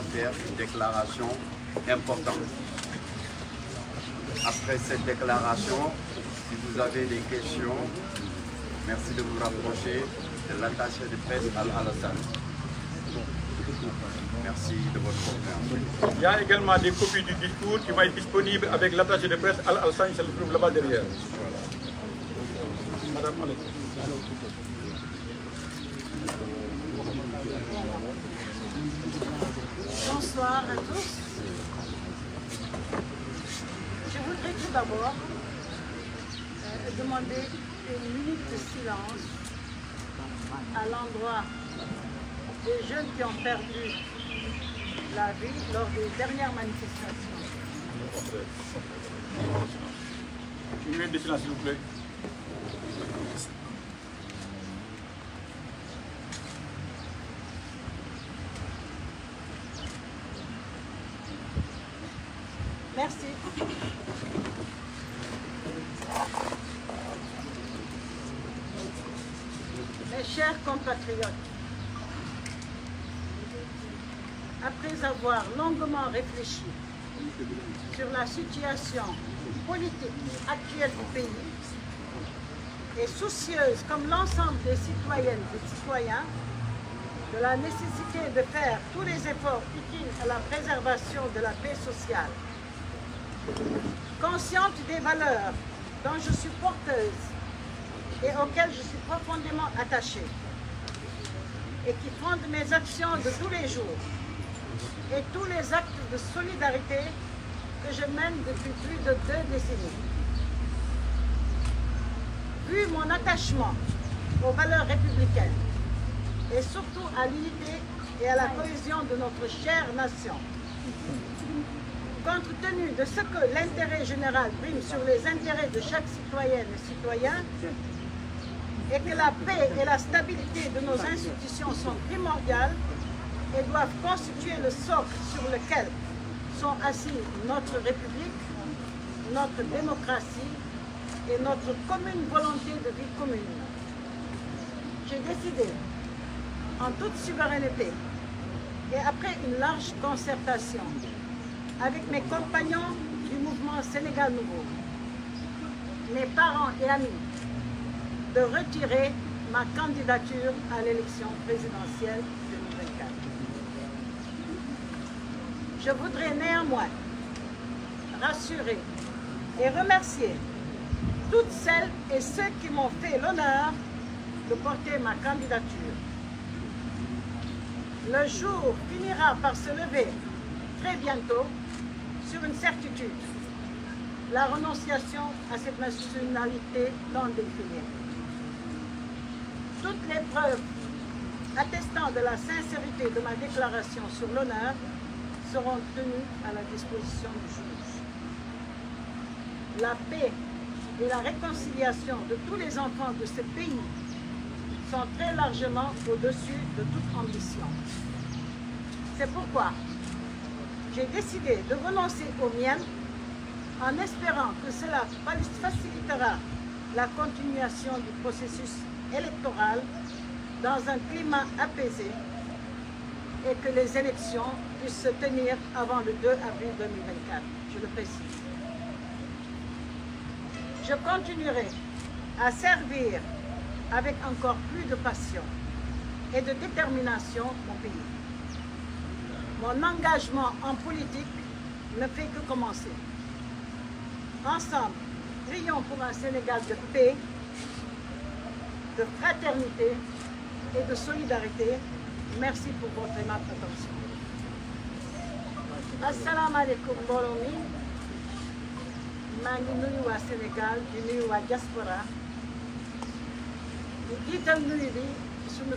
faire une déclaration importante. Après cette déclaration, si vous avez des questions, merci de vous rapprocher de l'attaché de presse Al-Alassane. Merci de votre confiance. Il y a également des copies du discours qui vont être disponibles avec l'attaché de presse Al-Alassane, je le trouve là-bas derrière. Madame Bonsoir à tous. Je voudrais tout d'abord euh, demander une minute de silence à l'endroit des jeunes qui ont perdu la vie lors des dernières manifestations. Une minute de silence, s'il vous plaît. Merci. Mes chers compatriotes, après avoir longuement réfléchi sur la situation politique actuelle du pays et soucieuse comme l'ensemble des citoyennes et citoyens de la nécessité de faire tous les efforts utiles à la préservation de la paix sociale, consciente des valeurs dont je suis porteuse et auxquelles je suis profondément attachée et qui fondent mes actions de tous les jours et tous les actes de solidarité que je mène depuis plus de deux décennies. Vu mon attachement aux valeurs républicaines et surtout à l'unité et à la cohésion de notre chère nation, compte tenu de ce que l'intérêt général prime sur les intérêts de chaque citoyenne et citoyen, et que la paix et la stabilité de nos institutions sont primordiales et doivent constituer le socle sur lequel sont assis notre République, notre démocratie et notre commune volonté de vie commune. J'ai décidé, en toute souveraineté et après une large concertation, avec mes compagnons du mouvement Sénégal Nouveau, mes parents et amis, de retirer ma candidature à l'élection présidentielle de 2024. Je voudrais néanmoins rassurer et remercier toutes celles et ceux qui m'ont fait l'honneur de porter ma candidature. Le jour finira par se lever très bientôt sur une certitude, la renonciation à cette nationalité non définie. Toutes les preuves attestant de la sincérité de ma déclaration sur l'honneur seront tenues à la disposition du juge. La paix et la réconciliation de tous les enfants de ce pays sont très largement au-dessus de toute ambition. C'est pourquoi j'ai décidé de renoncer aux mien en espérant que cela facilitera la continuation du processus électoral dans un climat apaisé et que les élections puissent se tenir avant le 2 avril 2024, je le précise. Je continuerai à servir avec encore plus de passion et de détermination mon pays. Mon engagement en politique ne fait que commencer. Ensemble, prions pour un Sénégal de paix, de fraternité et de solidarité. Merci pour votre aimable attention. Assalamu alaikum Boromi. Je ngi nuyu Sénégal di nuyu diaspora Nous quittons nuyu sunu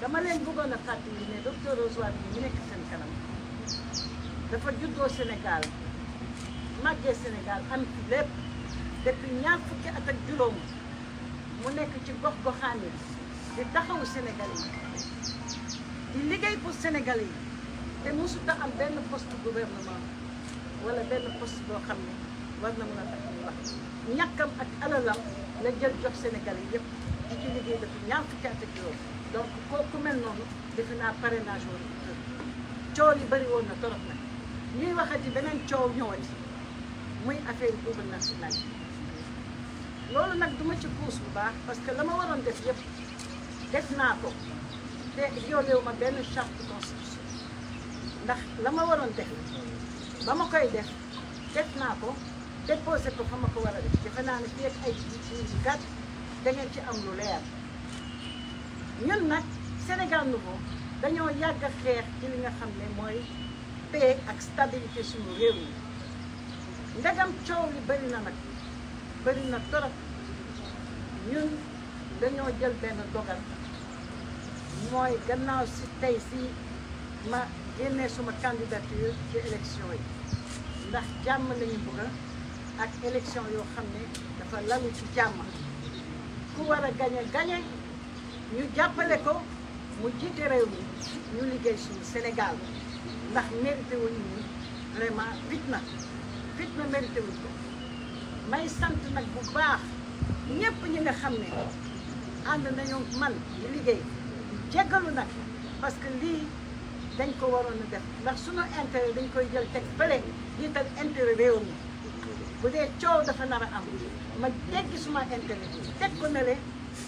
dama leen bëggoon a fàttali ne docteur Rose Wardini ñu nekk seen kanam dafa juddoo Sénégal màggee Sénégal am ci lépp depuis ñaar fukki at ak juróom mu nekk ci gox goxaan yi di taxawu Sénégal yi di liggéey pour Sénégal yi te mosut a am benn poste gouvernement wala benn post boo xam ne war na mën a tax ñu wax ñàkkam ak alalam la jël jox Sénégal yi yëpp di ci liggéey depuis ñaar fukki at ak juróom. donc kooku mel noonu defe naa parrainage war na yi bëri woon na torop nag ñuy waxati beneen coow ñëwati muy affaire double nationalité loolu nag duma ci puus bu baax parce que la ma waroon def yëpp def naa ko te violé wu ma benn charte constitution ndax la ma waroon def ba ma koy def def naa ko te déposé ko fa ma ko war a def defe naa ne fii ci gàtt da ci am lu leer ñun nag Sénégal nouveau dañoo yàgg xeex ci li nga xam ne mooy paix ak stabilité suñu réew mi ndegam coow li bëri na nag bëri na torop ñun dañoo jël benn dogal mooy gannaaw si tey si ma génnee suma candidature ci élection yi ndax jàmm lañu bëgga ak élection yoo xam ne dafa lalu ci jàmm ku war a gañe gañe ñu jàppale ko mu jiite réew mi ñu liggéey suñu Sénégal ndax mérité nii ñu vraiment fitna fitna mérité wuñ ko may sant nag bu baax ñëpp ñu nga xam ne ànd nañu man di liggéey jéggalu nag parce que lii dañ ko waroon a def ndax suñu intérêt dañ koy jël teg fële jiital intere réew mi bu dee coow dafa nar a am ma teggi suma intérêt teg ko ne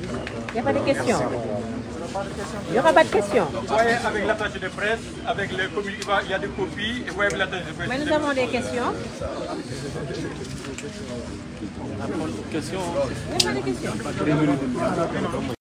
Il n'y a pas de questions. Il n'y aura pas de questions. Vous voyez avec l'attaché de presse, avec les il y a des copies. Et vous voyez l'attaché de presse. Mais nous avons des questions. Question. Hein. Il n'y a pas de questions.